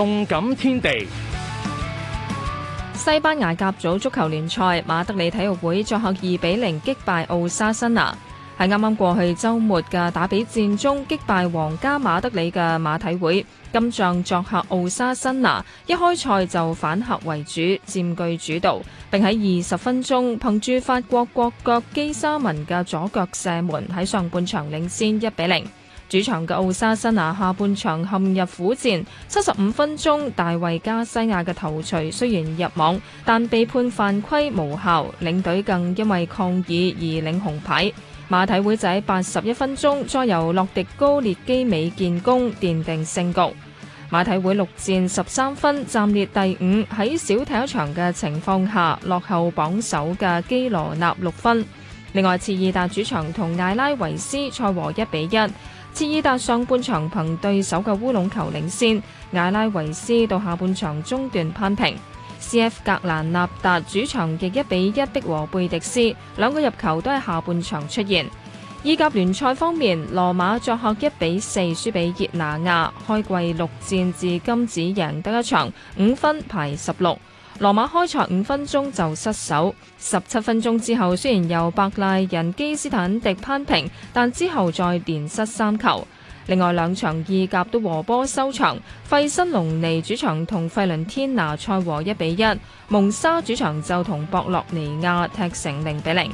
動感天地，西班牙甲組足球聯賽，馬德里體育會作客二比零擊敗奧沙辛拿，喺啱啱過去周末嘅打比戰中擊敗皇家馬德里嘅馬體會，今仗作客奧沙辛拿，一開賽就反客為主，佔據主導，並喺二十分鐘憑住法國國腳基沙文嘅左腳射門，喺上半場領先一比零。主場嘅奧沙辛拿，下半場陷入苦戰，七十五分鐘大衛加西亞嘅頭槌雖然入網，但被判犯規無效，領隊更因為抗議而領紅牌。馬體會仔八十一分鐘再由洛迪高列基美建功，奠定勝局。馬體會六戰十三分，暫列第五。喺少踢一場嘅情況下，落後榜首嘅基羅納六分。另外次，次爾達主場同艾拉維斯賽和一比一。切爾達上半場憑對手嘅烏龍球領先，艾拉維斯到下半場中段扳平。C.F. 格蘭納達主場亦一比一逼和貝迪斯，兩個入球都係下半場出現。意甲聯賽方面，羅馬作客一比四輸俾熱拿亞，開季六戰至今只贏得一場，五分排十六。羅馬開賽五分鐘就失手，十七分鐘之後雖然由白賴仁基斯坦迪扳平，但之後再連失三球。另外兩場意甲都和波收場，費森隆尼主場同費倫天拿賽和一比一，蒙沙主場就同博洛尼亞踢成零比零。